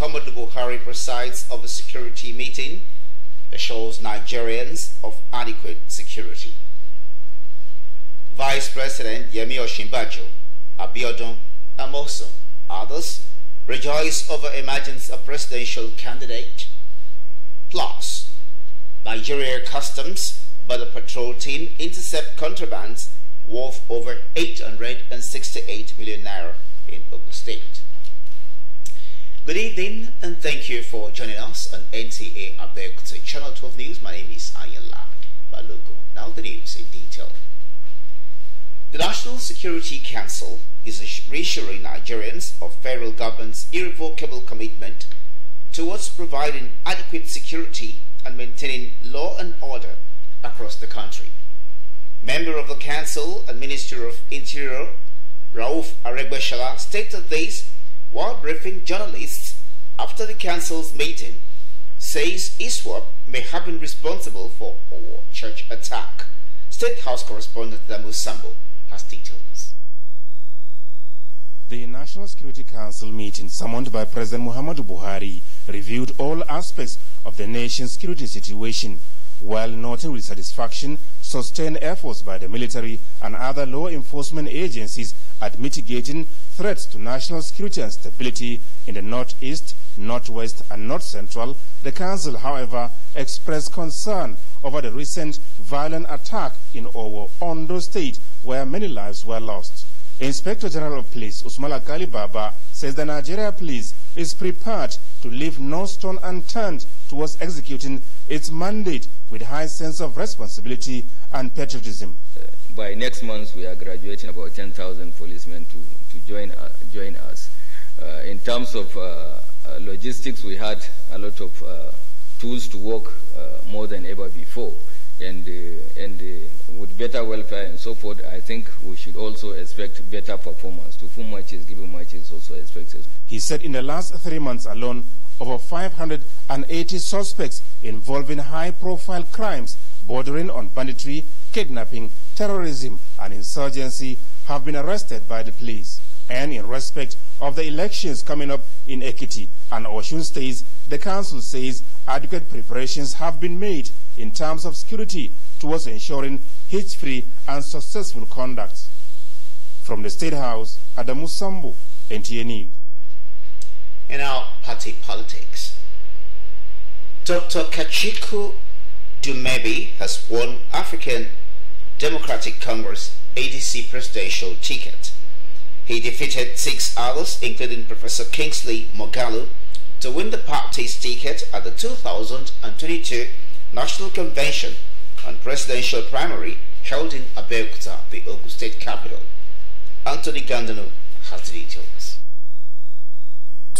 Muhammad Buhari presides of a security meeting assures Nigerians of adequate security. Vice President Yemi Oshimbajo, Abiodun Amoson, others rejoice over emergence of presidential candidate. Plus, Nigeria Customs Border Patrol team intercept contrabands worth over 868 million naira in Ogun State. Good evening and thank you for joining us on NTA Abeokuta Channel 12 News. My name is Ayala Balogo. Now the news in detail. The National Security Council is reassuring Nigerians of federal government's irrevocable commitment towards providing adequate security and maintaining law and order across the country. Member of the Council and Minister of Interior Rauf Aregbeshala stated this while briefing journalists after the council's meeting, says ISWAP may have been responsible for a church attack. State House correspondent Damu Sambo has details. The National Security Council meeting summoned by President Muhammadu Buhari reviewed all aspects of the nation's security situation, while noting with satisfaction sustained efforts by the military and other law enforcement agencies at mitigating threats to national security and stability in the northeast, northwest, and north central, the Council, however, expressed concern over the recent violent attack in Owo, Ondo State, where many lives were lost. Inspector General of Police Usmala Kalibaba says the Nigeria Police is prepared to leave no stone unturned towards executing its mandate with high sense of responsibility and patriotism. Uh, by next month, we are graduating about 10,000 policemen to, to join, uh, join us. Uh, in terms of uh, uh, logistics, we had a lot of uh, tools to work more than ever before and uh, and uh, with better welfare and so forth, I think we should also expect better performance. To whom much is given, much is also expected. He said in the last three months alone, over 580 suspects involving high-profile crimes bordering on banditry, kidnapping, terrorism, and insurgency have been arrested by the police. And in respect of the elections coming up in Equity and Oshun states, the council says adequate preparations have been made in terms of security towards ensuring hitch-free and successful conduct. From the State House, Adamu Sambo, NTA News. In our party politics, Dr. Kachiku Dumebi has won African Democratic Congress ADC presidential ticket he defeated six others, including Professor Kingsley Mogalu, to win the party's ticket at the 2022 National Convention and Presidential Primary held in Abeokuta, the Ogun State capital. Anthony Gandano has the details.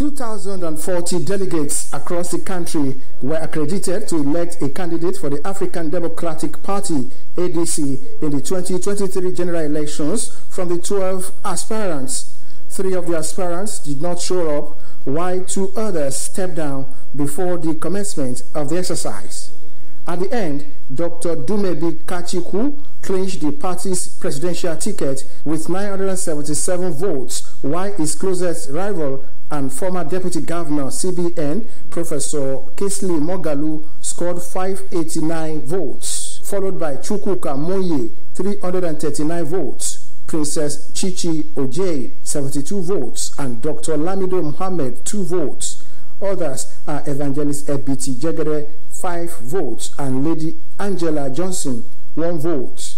2,040 delegates across the country were accredited to elect a candidate for the African Democratic Party, ADC, in the 2023 general elections from the 12 aspirants. Three of the aspirants did not show up, while two others stepped down before the commencement of the exercise. At the end, Dr. Dumebi Kachiku clinched the party's presidential ticket with 977 votes, while his closest rival, and former Deputy Governor CBN Professor Kesley Mogalu scored 589 votes, followed by Chukuka Moye 339 votes, Princess Chichi Ojei 72 votes, and Dr. Lamido Mohammed 2 votes. Others are Evangelist FBT Jegere 5 votes and Lady Angela Johnson 1 vote.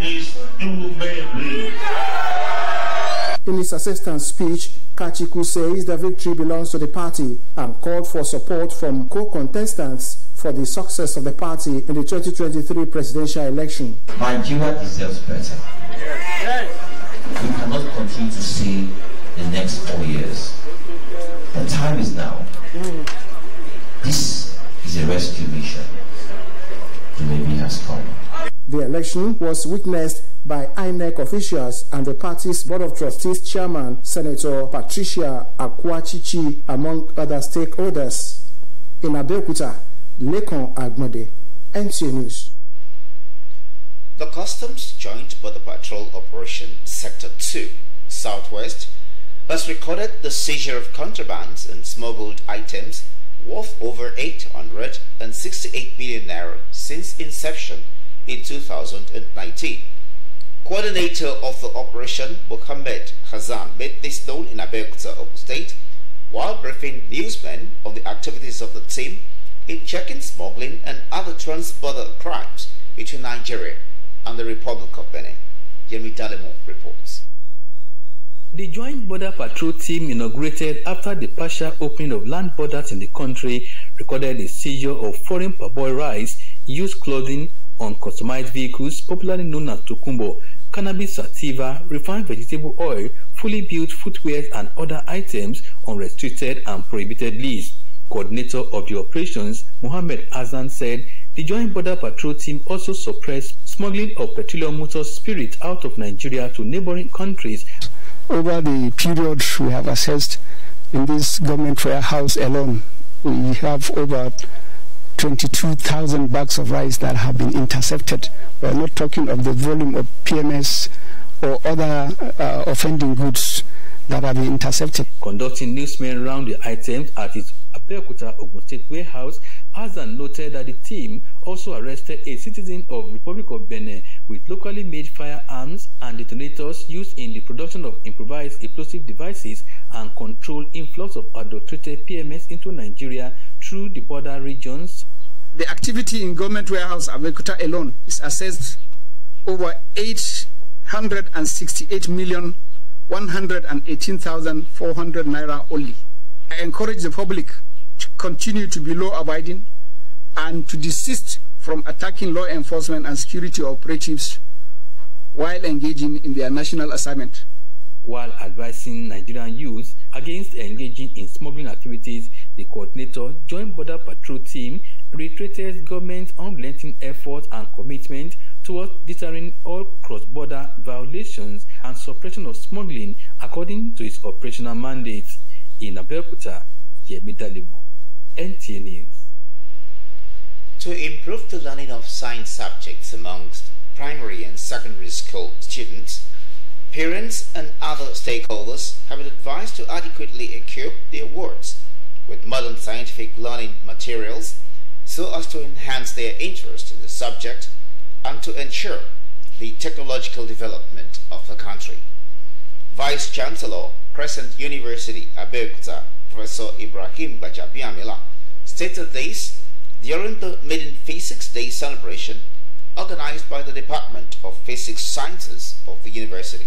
is In his acceptance speech, Kachiku says the victory belongs to the party and called for support from co-contestants for the success of the party in the 2023 presidential election. Nigeria deserves better. We cannot continue to see the next four years. The time is now. This is a rescue mission. The baby has come. The election was witnessed by INEC officials and the party's Board of Trustees chairman, Senator Patricia Akwachichi, among other stakeholders. In Abeokuta, Lekon Agmodé, NTA News. The Customs Joint Border Patrol Operation Sector 2, Southwest, has recorded the seizure of contrabands and smuggled items worth over 868 million naira since inception in 2019. Coordinator of the operation, Mohammed Hazan, made this known in Abeokuta, State, while briefing newsmen on the activities of the team in checking smuggling and other trans-border crimes between Nigeria and the Republic of Benin. Yemi Dalemo reports. The Joint Border Patrol team inaugurated after the partial opening of land borders in the country recorded the seizure of foreign parboiled rice, used clothing, uncustomized vehicles, popularly known as tokumbo, cannabis sativa, refined vegetable oil, fully built footwear and other items on restricted and prohibited lists. Coordinator of the operations, Mohammed Azan, said the Joint Border Patrol team also suppressed smuggling of petroleum motor spirit out of Nigeria to neighboring countries. Over the period we have assessed in this government warehouse alone, we have over 22,000 bags of rice that have been intercepted. We're not talking of the volume of PMS or other uh, offending goods that have been intercepted. Conducting newsmen round the items at his Abeokuta Ogun State warehouse, Azan noted that the team also arrested a citizen of Republic of Benin with locally made firearms and detonators used in the production of improvised explosive devices and controlled influx of adulterated PMS into Nigeria through the border regions. The activity in Government Warehouse Abeokuta alone is assessed over eight hundred and sixty-eight million one hundred and eighteen thousand four hundred naira only. I encourage the public to continue to be law abiding and to desist from attacking law enforcement and security operatives while engaging in their national assignment. While advising Nigerian youth against engaging in smuggling activities the coordinator, Joint Border Patrol Team, reiterated government's unrelenting effort and commitment towards deterring all cross-border violations and suppression of smuggling according to its operational mandate. In Abeokuta, Yemi Dalimo, NTA News. To improve the learning of science subjects amongst primary and secondary school students, parents and other stakeholders have been advised to adequately equip their wards with modern scientific learning materials so as to enhance their interest in the subject and to ensure the technological development of the country. Vice Chancellor, Crescent University, Abeokuta, Professor Ibrahim Bajabiamila, stated this during the maiden Physics Day celebration organized by the Department of Physics Sciences of the University.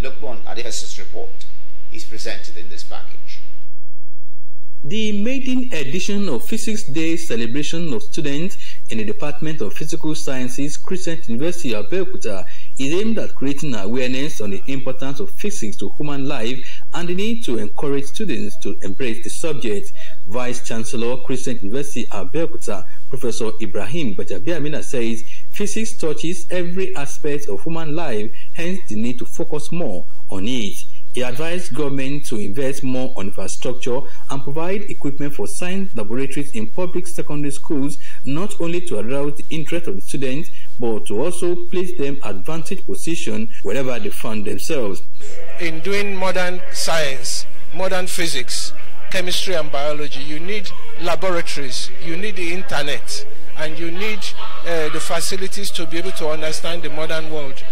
Look on report is presented in this package. The maiden edition of Physics Day celebration of students in the Department of Physical Sciences, Crescent University, of Abeokuta, is aimed at creating awareness on the importance of physics to human life and the need to encourage students to embrace the subject. Vice Chancellor, Crescent University, of Abeokuta, Professor Ibrahim Bajabiamina says physics touches every aspect of human life, hence the need to focus more on it. He advised government to invest more on infrastructure and provide equipment for science laboratories in public secondary schools, not only to arouse the interest of the students, but to also place them advantage position wherever they find themselves. In doing modern science, modern physics, chemistry and biology, you need laboratories, you need the internet, and you need uh, the facilities to be able to understand the modern world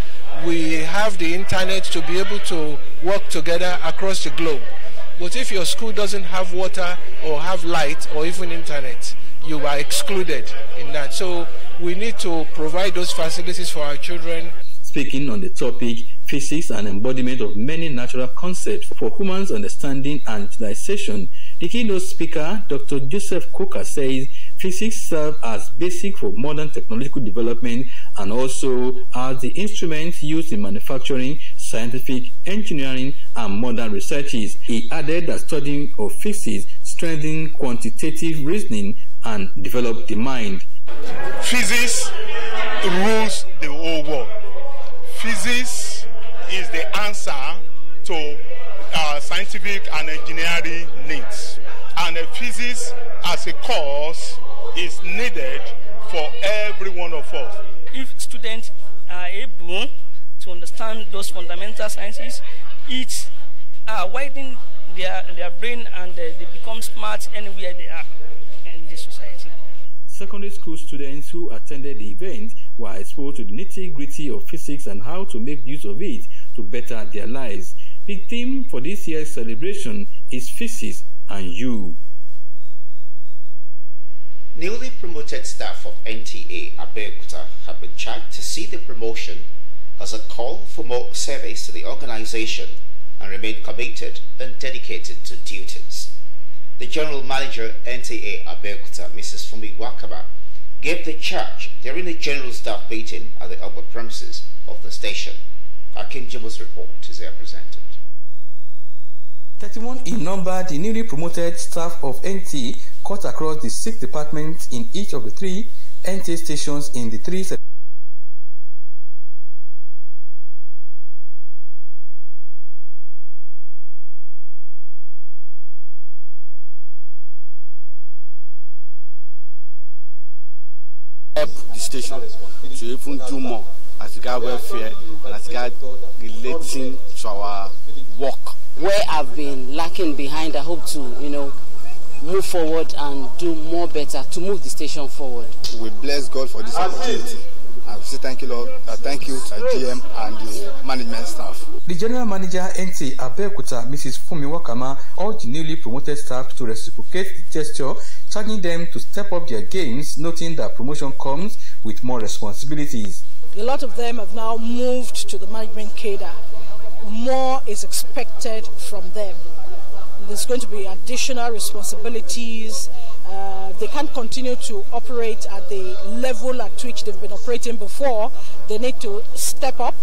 we have the internet to be able to work together across the globe. But if your school doesn't have water or have light or even internet, you are excluded in that. So we need to provide those facilities for our children. Speaking on the topic, physics and embodiment of many natural concepts for humans' understanding and utilization, the keynote speaker, Dr. Joseph Cooker, says physics serve as basic for modern technological development and also as the instruments used in manufacturing, scientific, engineering, and modern researches. He added that studying of physics strengthens quantitative reasoning and develops the mind. Physics rules the whole world. Physics is the answer to uh, scientific and engineering needs. And uh, physics as a course is needed for every one of us. If students are able to understand those fundamental sciences, it uh, widens their, their brain and they, uh, they become smart anywhere they are in this society. Secondary school students who attended the event were exposed to the nitty-gritty of physics and how to make use of it to better their lives. The theme for this year's celebration is Physics and You. Newly promoted staff of NTA Abeokuta have been charged to see the promotion as a call for more service to the organization and remain committed and dedicated to duties. The General Manager NTA Abeokuta, Mrs. Fumi Wakaba, gave the charge during a general staff meeting at the upper premises of the station. Akim Jimbo's report is here presented. 31 in number, the newly promoted staff of NT cut across the six departments in each of the three NT stations in the three help the station to even do more. as regards welfare, and as regards relating to our work. Where I've been lacking behind, I hope to, you know, move forward and do more better to move the station forward. We bless God for this opportunity. I say thank you, Lord. Uh, thank you, uh, GM and the management staff. The general manager NT Abeokuta, Mrs. Fumi Wakama, urged newly promoted staff to reciprocate the gesture, charging them to step up their games, noting that promotion comes with more responsibilities. A lot of them have now moved to the management cadre. More is expected from them. There's going to be additional responsibilities. Uh, they can't continue to operate at the level at which they've been operating before. They need to step up.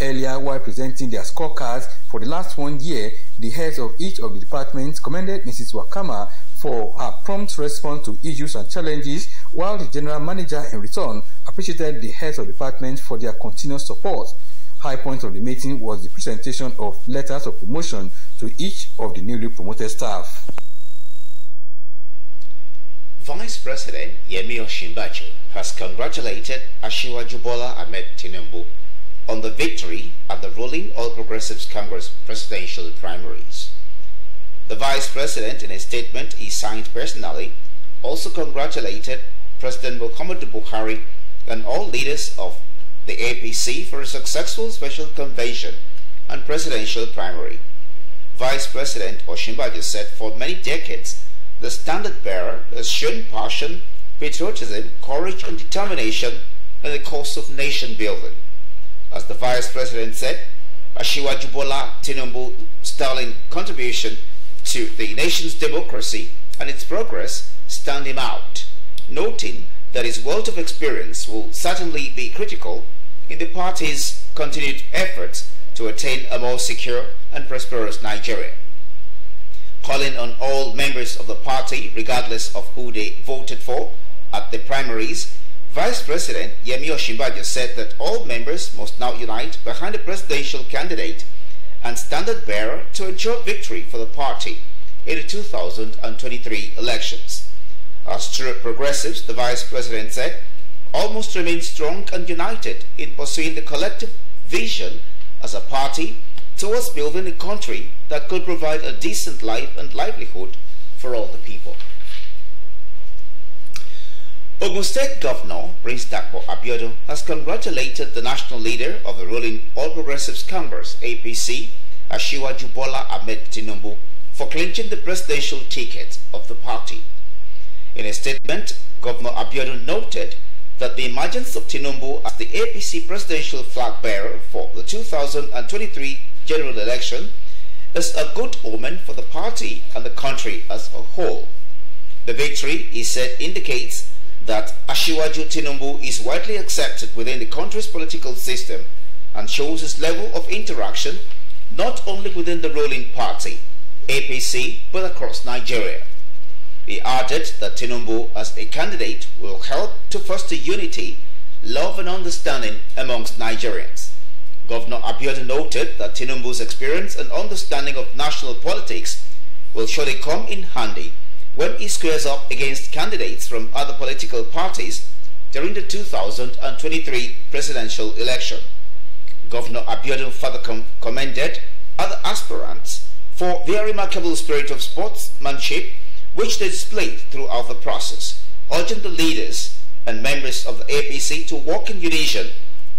Earlier, while presenting their scorecards for the last one year, the heads of each of the departments commended Mrs. Wakama for her prompt response to issues and challenges, while the general manager in return appreciated the heads of departments for their continuous support. High point of the meeting was the presentation of letters of promotion to each of the newly promoted staff. Vice President Yemi Oshimbacho has congratulated Ashiwa Jubala Ahmed Tinubu on the victory at the ruling All Progressives Congress presidential primaries. The Vice President, in a statement he signed personally, also congratulated President Muhammadu Buhari and all leaders of the APC for a successful special convention and presidential primary. Vice President Oshimbaji said for many decades, the standard bearer has shown passion, patriotism, courage and determination in the course of nation building. As the Vice President said, Ashiwajubola Tinubu sterling contribution to the nation's democracy and its progress stand him out, noting that his wealth of experience will certainly be critical in the party's continued efforts to attain a more secure and prosperous Nigeria. Calling on all members of the party, regardless of who they voted for at the primaries, Vice President Yemi Oshimbajo said that all members must now unite behind a presidential candidate and standard bearer to ensure victory for the party in the 2023 elections. As true progressives, the vice president said, almost remain strong and united in pursuing the collective vision as a party towards building a country that could provide a decent life and livelihood for all the people. Ogun State Governor Prince Dakpo Abiodun has congratulated the national leader of the ruling All Progressives Congress APC, Ashiwa Jubola Ahmed Tinubu, for clinching the presidential ticket of the party. In a statement, Governor Abiodun noted that the emergence of Tinubu as the APC presidential flag bearer for the 2023 general election is a good omen for the party and the country as a whole. The victory, he said, indicates that Ashiwaju Tinubu is widely accepted within the country's political system and shows his level of interaction not only within the ruling party, APC, but across Nigeria. He added that Tinubu as a candidate will help to foster unity, love and understanding amongst Nigerians. Governor Abiodun noted that Tinubu's experience and understanding of national politics will surely come in handy when he squares up against candidates from other political parties during the 2023 presidential election. Governor Abiodun further com commended other aspirants for their remarkable spirit of sportsmanship which they displayed throughout the process, urging the leaders and members of the APC to work in unison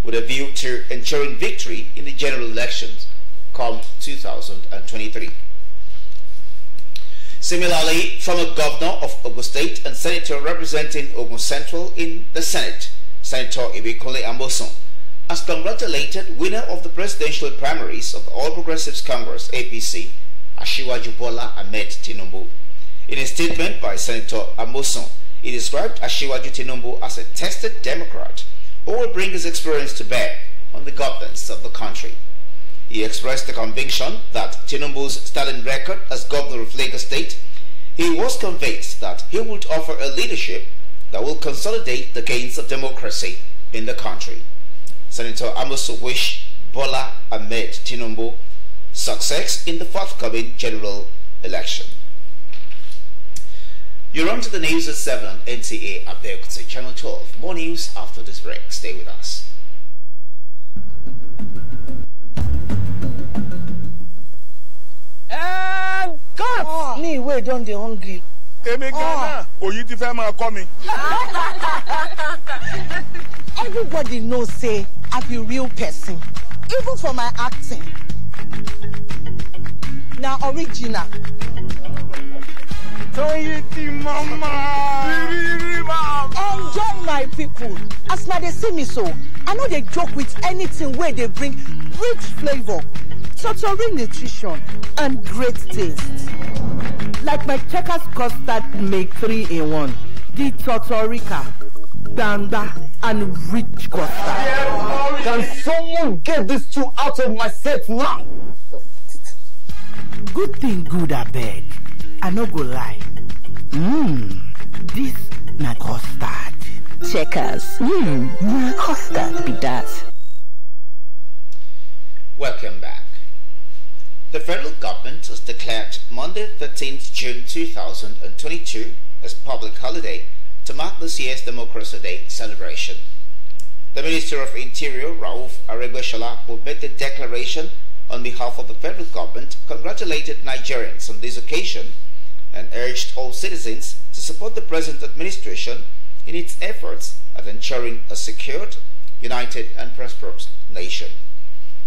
with a view to ensuring victory in the general elections come 2023. Similarly, former governor of Ogun State and senator representing Ogun Central in the Senate, Senator Ibikole Amboson, has congratulated winner of the presidential primaries of the All Progressives Congress, APC, Ashiwa Jubola Ahmed Tinubu. In a statement by Senator Amoson, he described Ashiwaju Tinubu as a tested Democrat who will bring his experience to bear on the governance of the country. He expressed the conviction that Tinubu's sterling record as governor of Lagos State, he was convinced that he would offer a leadership that will consolidate the gains of democracy in the country. Senator Amosuwish Bola Ahmed Tinubu success in the forthcoming general election. You're on to the news at 7 on NTA Abeokuta Channel 12. More news after this break. Stay with us. And cut! Oh. Ah. Me, wey don't they hungry? Èmi Ghana, ah. oyi ti fẹ́ máa me. Everybody know say I be real person, even for my acting. Na original. mama. Enjoy my people. As now they see me so, I know they joke with anything where they bring rich flavor, total nutrition, and great taste. Like my checkers custard make three in one. The Totorica, Danda, and Rich Custard. Can someone get these two out of my set now? Good thing, good, I beg i no go lie mmm This na custard checkers mmm na custard be that. welcome back the federal government has declared monday 13th june 2022 as public holiday to mark this year's democracy day celebration the Minister of Interior, Rauf Aregbesola, who made the declaration on behalf of the federal government, congratulated Nigerians on this occasion and urged all citizens to support the present administration in its efforts at ensuring a secured, united and prosperous nation.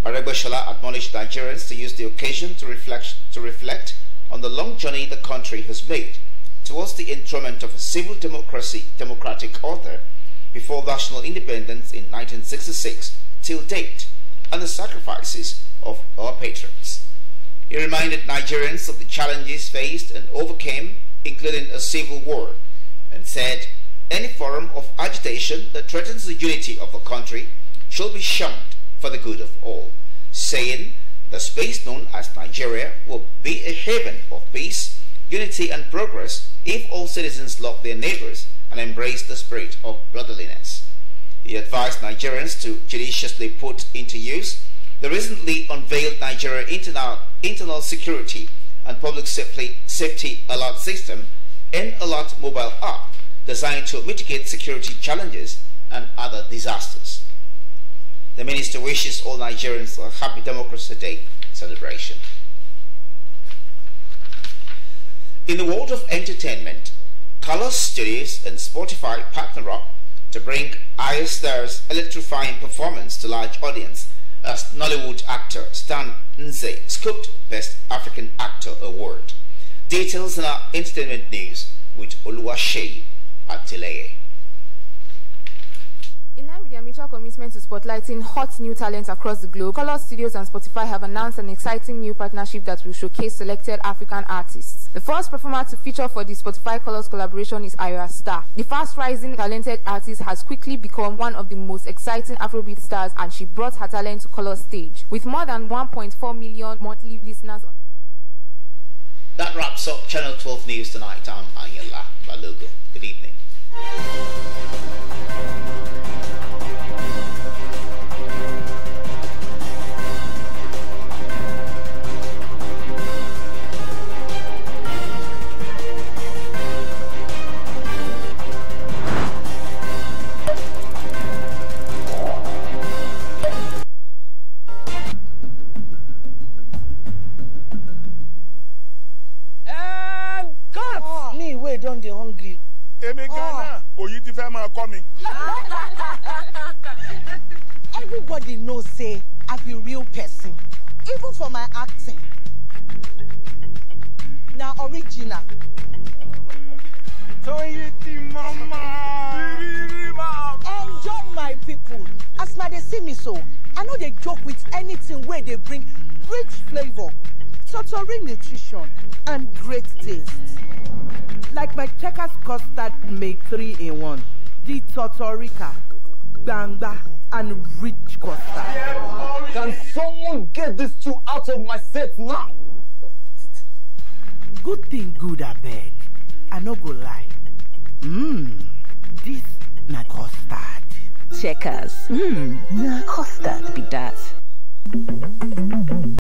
Arebashala admonished Nigerians to use the occasion to reflect, to reflect on the long journey the country has made towards the enthronement of a civil democracy democratic order before national independence in 1966 till date and the sacrifices of our patriots. He reminded Nigerians of the challenges faced and overcame, including a civil war, and said any form of agitation that threatens the unity of the country should be shunned for the good of all, saying the space known as Nigeria will be a haven of peace, unity and progress if all citizens love their neighbors and embrace the spirit of brotherliness. He advised Nigerians to judiciously put into use the recently unveiled Nigeria Internal, Internal Security and Public Safety Alert System and Alert mobile app designed to mitigate security challenges and other disasters. The minister wishes all Nigerians a happy Democracy Day celebration. In the world of entertainment, Carlos Studios and Spotify partner up to bring ISTAR's electrifying performance to large audiences as Nollywood actor Stan Nze scooped Best African Actor Award. Details in our entertainment news with Oluwasei Atileye. In line with their mutual commitment to spotlighting hot new talent across the globe, Color Studios and Spotify have announced an exciting new partnership that will showcase selected African artists. The first performer to feature for the Spotify Colors collaboration is Ira Star. The fast-rising talented artist has quickly become one of the most exciting Afrobeat stars and she brought her talent to Color stage. With more than 1.4 million monthly listeners on that wraps up Channel 12 News tonight. I'm Ayala Balogo. Good evening. see me so i know they joke with anything where they bring rich flavour totori nutrition and great taste. like my checkers custard make three in one the totorica gbangba and rich custard. can someone get these two out of my set now. good thing good bad, i no go lie. mmm this my custard checkers. Mmm, na custard be that.